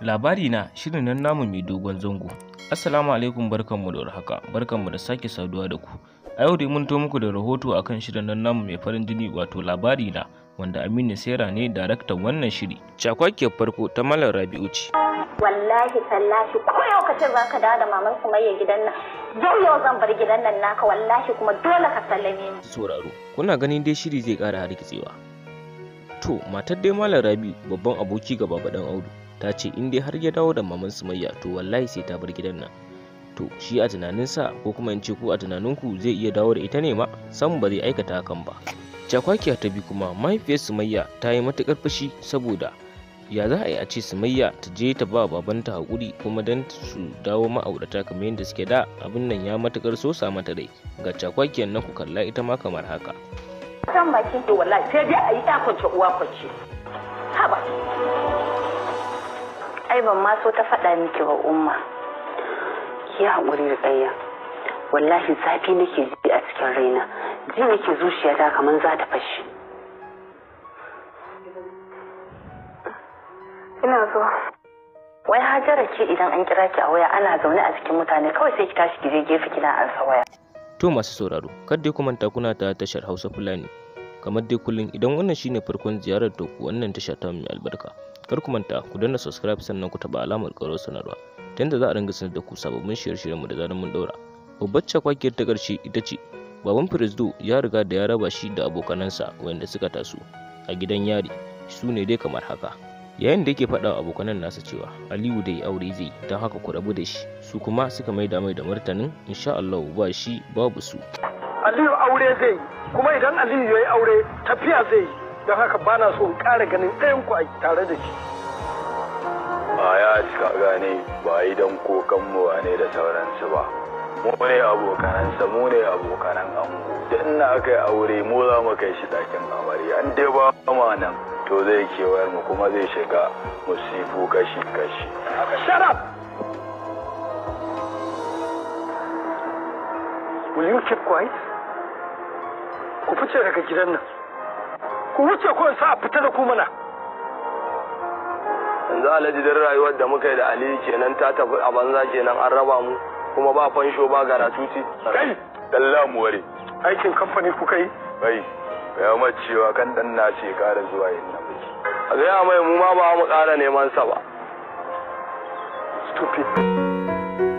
Labari na shirin nan namu mai dogon zango. Assalamu alaikum barkanmu da warhaka, barkanmu da sake saduwa da ku. A yau dai mun to muku da rahoto akan shirin nan namu mai farin jini wato labari na wanda Aminu Sera ne daraktan wannan shiri. Cakwakiyar farko ta Malam Rabi'u ce. Wallahi tallahi ko yau ka ce za ka dawo da maman Sumayya gidan nan. Yau yau zan bar gidan nan naka wallahi kuma dole ka sallame ni. Sauraro, kuna ganin dai shiri zai ƙara harkitsewa To, matar dai Malam Rabi'u babban aboki ga baba ɗan Audu. ta ce in dai har ya dawo da maman sumayya to wallahi sai ta bar gidan nan to shi a tunanin sa, ko kuma in ce ku a tunaninku zai iya dawo da ita ne ma san ba zai aikata hakan ba jakwakiya ta bi kuma mahaifiyar sumayya ta yi matuƙar fushi saboda ya za a yi a ce sumayya ta je ta ba babanta haƙuri kuma dan su dawo ma'aurata kamar yadda suke da abin nan ya matuƙar sosa mata rai ga cakwakiyar nan ku kalla ita ma kamar haka. kan bakin wallahi sai dai a yi ai ban ma so ta faɗa miki ba umma ki hakuri da tsaya wallahi zafi nake ji a cikin raina ji nake zuciyata kamar za ta fashe ina zo wai hajara ce idan an kira ki a waya ana zaune a cikin mutane kawai sai ki tashi ki je gefe kina ansa waya to masu sauraro kar dai ku manta kuna ta tashar Hausa Fulani kamar dai kullum idan wannan shine farkon ziyarar ku wannan tashar ta mai albarka kar ku manta ku danna subscribe sannan ku taba alamar karo sanarwa ta yadda za a dinga sanar da ku sababbin shirye-shiryenmu da zarar mun daura babbar cakwakiyar ta ƙarshe ita ce baban firisdo ya riga da ya raba shi da abokanansa wanda suka taso a gidan yari su ne dai kamar haka yayin da yake faɗa abokanan nasa cewa aliyu da ya aure zai don haka ku rabu da shi su kuma suka maida mai da martanin insha allahu ba shi babu su aliyu aure zai kuma idan aliyu ya yi aure tafiya zai don haka ba na so in ƙara ganin ɗayan ku a tare da shi ba ya cika gane ba yi don kokan mu ne da sauransu ba mu ne abokanansa mu ne abokanan ango duk ina aka yi aure mu za mu kai shi ɗakin amarya an dai ba ma nan to zai kewayar mu kuma zai shiga musifu kashi kashi shut will you keep quiet ku fice daga gidan nan ku wuce ko sa fita da ku mana yanzu alhaji da rayuwar da muka yi da aliyu kenan ta tafi a banza kenan an raba mu kuma ba fansho ba garatuti kai dalla mu ware aikin kamfani kuka yi bai ya ma cewa kan dan na ce zuwa yin na a ga mai mu ma ba mu kara neman sa ba stupid